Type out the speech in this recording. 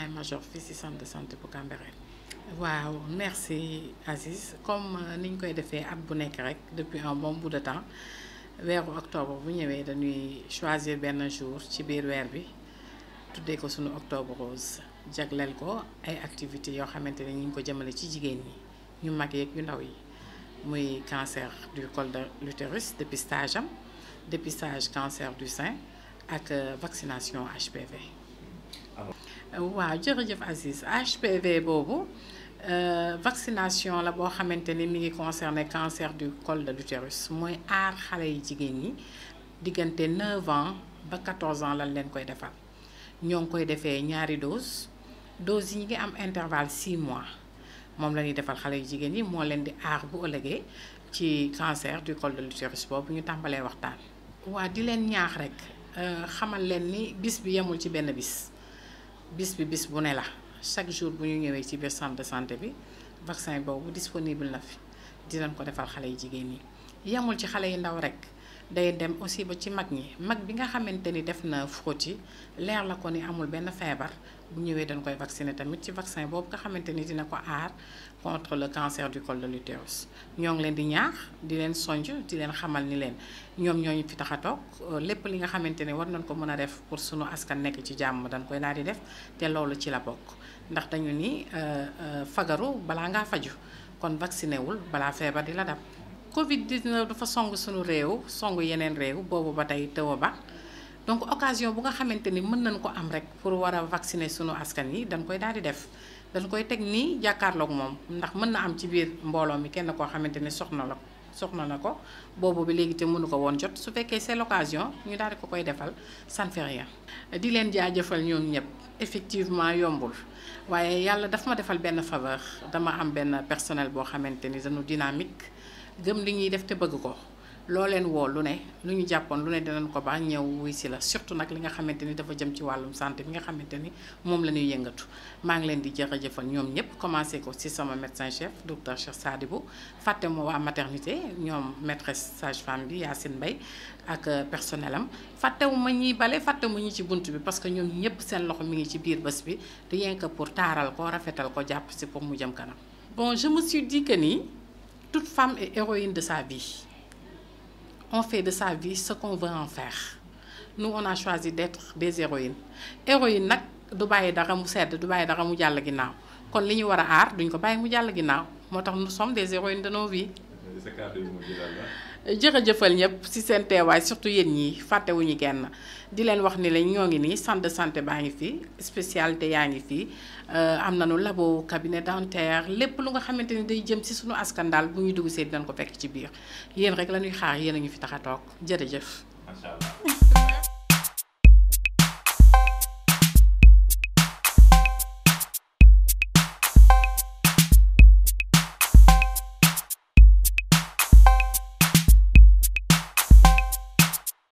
may major fii ci centre de santé bu Cambérène waaw merci Aziz comme euh, niñ koy defee at bu nekk rek depuis un bon bout de temps weeru octobre bu ñëwee dañuy choisir benn jour ci biir weer bi tuddee ko sunu octobre jagleel ko ay activités yoo xamante ne ñu ko jëmale ci jigéen ñi ñu mag yeeg yu ndaw yi muy cancer du col de l'utérus dépistage am dépistage cancer du sein ak euh, vaccination HPV. waaw jërëjëf Aziz HPV boobu euh, vaccination la boo xamante ni mi ngi concerné cancer du col de l'utérus mooy aar xale yi jigéen ñi diggante 9 ans ba 14 ans lan leen koy defal ñoo ngi koy defee ñaari dose dose yi ñu ngi am intervalle 6 mois moom la ñuy defal xale yu jigéen yi moo leen di aar bu ëllëgee ci cancer du col de l'utérus boobu ñu tàmbalee waxtaan. waa di leen ñaax rek euh, xamal leen ni bis bi yemul ci benn bis. bis bi bis bu ne la chaque jour bu ñu ñëwee ci biir centre de santé bi vaccin boobu disponible na fi dinañ ko defal xale yi jigéen ñi yamul ci xale yi ndaw rek. day dem aussi ba ci mag ñi mag bi nga xamante ni def na fóot yi leer la ko ni amul benn feebar bu ñëwee dañ koy vacciner tamit ci vaccin boobu nga xamante ni dina ko aar contre le cancer du col de l'utérus ñoo ngi leen di ñaax di leen sonj di leen xamal ni leen ñoom ñooñu fi tax a toog lépp li nga xamante ni war nañ ko mën a def pour sunu askan nekk ci jàmm dañ koy daal di def te loolu ci la bokk ndax dañu ni euh, euh, fagaru balaa ngaa faju kon vacciné balaa feebar di la dab Covid 19 dafa song suñu réew song yeneen réew boobu ba tey tëw ba donc occasion bu nga xamante ni mën nañ ko am rek pour war a vacciner sunu askan yi dañ koy daal di def dañ koy teg nii jàkkaarlook moom ndax mën na am ci biir mbooloo mi kenn koo xamante ni soxna la soxna na ko boobu bi léegi te mënu ko woon jot su fekkee c'est l'occasion ñu daal di ko koy defal ça ne di leen jaajëfal ñoom ñëpp effectivement yombul waaye yàlla daf ma defal benn faveur dama am benn personnel boo xamante ni dañu dynamique gëm li ñuy def te bëgg ko loo leen woo lu ne lu ñu jàppoon lu ne dinañ ko baax ñëw wuy si la surtout nag li nga xamante ni dafa jëm ci wàllum santé bi nga xamante ni moom la ñuy yëngatu maa ngi leen di jërëjëfal ñoom ñëpp commencé ko ci sama médecin chef docteur Cheikh Sadibou fàtte moo waa maternité ñoom maîtresse sage femme bi Yacine Mbaye ak euh, personnel am fàttewu ma ñuy bale fàttewu ma ñi bunt bi parce que ñoom ñëpp seen loxo mi ngi ci biir bés bi rien que pour taaral ko rafetal ko jàpp si pour mu jëm kanam bon je me suis dit nii toute femme est héroïne de sa vie. On fait de sa vie ce qu'on veut en faire. Nous, on a choisi d'être des héroïnes. Héroïne nag du bàyyi dara mu sedd du bàyyi dara mu jàll ginnaaw kon li ñu war a aar duñ ko bàyyi mu jàll ginnaaw moo tax nu sommes des héroïnes de nos vies. jërëjëfal ñëpp si seen teewaay surtout yéen ñii fàttewuñu kenn di leen wax ni la ñoo ngi nii centre de santé baa ngi fi spécialité yaa ngi fi euh, am na nañu labo cabinet dentaire lépp lu nga xamante ni day jëm si sunu askan daal bu ñu dugg see dinañ ko fekk ci biir yéen rek la ñuy xaar yéen a ngi fi tax a toog jërëjëf. macha allah.